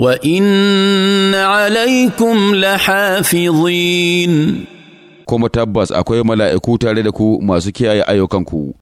وإن عليكم لحافظين kuma tabbas akwai mala'iku tare da ku masu kiyaye ayyukanku.